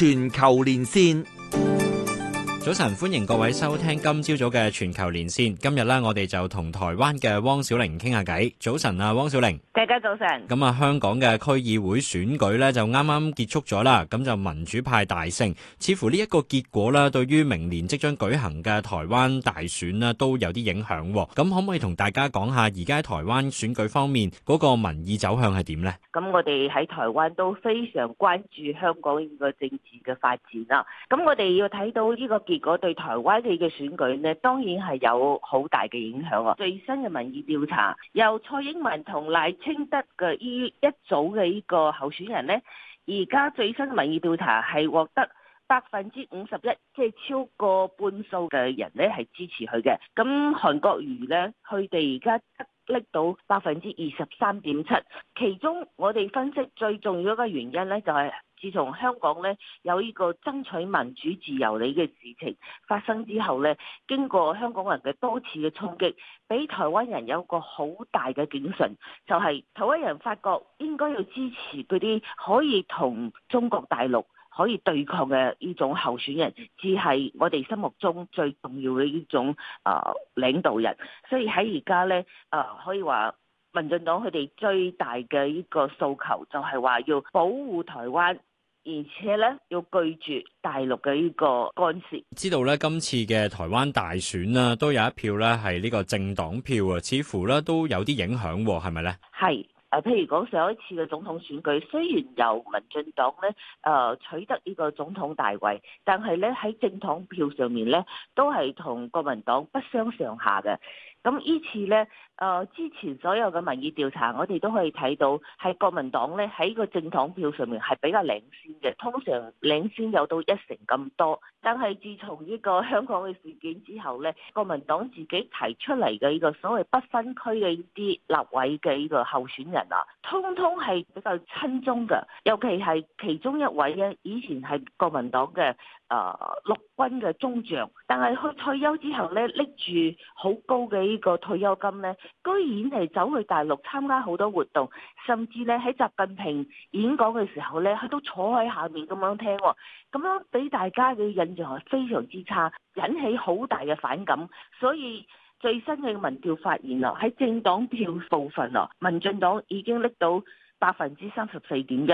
全球連線。早晨，歡迎各位收聽今朝早嘅全球連線。今日咧，我哋就同台灣嘅汪小玲傾下偈。早晨啊，汪小玲，大家早晨。咁啊，香港嘅區議會選舉咧就啱啱結束咗啦，咁就民主派大勝，似乎呢一個結果咧，對於明年即將舉行嘅台灣大選咧都有啲影響。咁可唔可以同大家講下而家喺台灣選舉方面嗰個民意走向係點咧？咁我哋喺台灣都非常關注香港呢個政治嘅發展啦。咁我哋要睇到呢個結。如果對台灣地嘅選舉咧，當然係有好大嘅影響。最新嘅民意調查，由蔡英文同賴清德嘅呢一組嘅呢個候選人呢，而家最新民意調查係獲得百分之五十一，即係超過半數嘅人呢係支持佢嘅。咁韓國瑜呢，佢哋而家。拎到百分之二十三點七，其中我哋分析最重要一個原因咧，就係自從香港咧有呢個爭取民主自由呢嘅事情發生之後咧，經過香港人嘅多次嘅衝擊，俾台灣人有一個好大嘅警訊，就係、是、台灣人發覺應該要支持嗰啲可以同中國大陸。可以對抗嘅呢種候選人，只係我哋心目中最重要嘅呢種啊領導人。所以喺而家呢，啊，可以話民進黨佢哋最大嘅呢個訴求，就係話要保護台灣，而且呢，要拒絕大陸嘅呢個干涉。知道呢，今次嘅台灣大選啊，都有一票呢係呢個政黨票啊，似乎呢都有啲影響，係咪呢？係。誒，譬如講上一次嘅總統選舉，雖然由民進黨咧誒、呃、取得呢個總統大位，但係咧喺正統票上面咧，都係同國民黨不相上下嘅。咁依次呢誒、呃、之前所有嘅民意調查，我哋都可以睇到，係國民黨呢喺個政黨票上面係比較領先嘅，通常領先有到一成咁多。但係自從呢個香港嘅事件之後呢，國民黨自己提出嚟嘅呢個所謂不分區嘅呢啲立委嘅呢個候選人啊，通通係比較親中嘅，尤其係其中一位呢，以前係國民黨嘅。誒、呃、陸軍嘅中將，但係佢退休之後呢，拎住好高嘅呢個退休金呢，居然係走去大陸參加好多活動，甚至呢，喺習近平演講嘅時候呢，佢都坐喺下面咁樣聽、哦，咁樣俾大家嘅印象係非常之差，引起好大嘅反感。所以最新嘅民調發現啊，喺政黨票部分啊，民進黨已經拎到百分之三十四點一，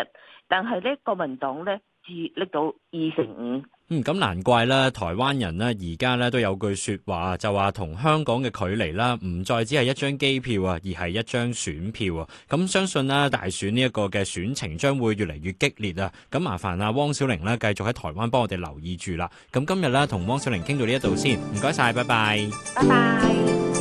但係呢國民黨呢，只拎到二成五。嗯，咁難怪啦，台灣人呢，而家呢都有句說話，就話同香港嘅距離啦，唔再只係一張機票啊，而係一張選票啊。咁相信呢，大選呢一個嘅選情將會越嚟越激烈啊。咁麻煩阿汪小玲呢，繼續喺台灣幫我哋留意住啦。咁今日呢，同汪小玲傾到呢一度先，唔該晒，拜拜，拜拜。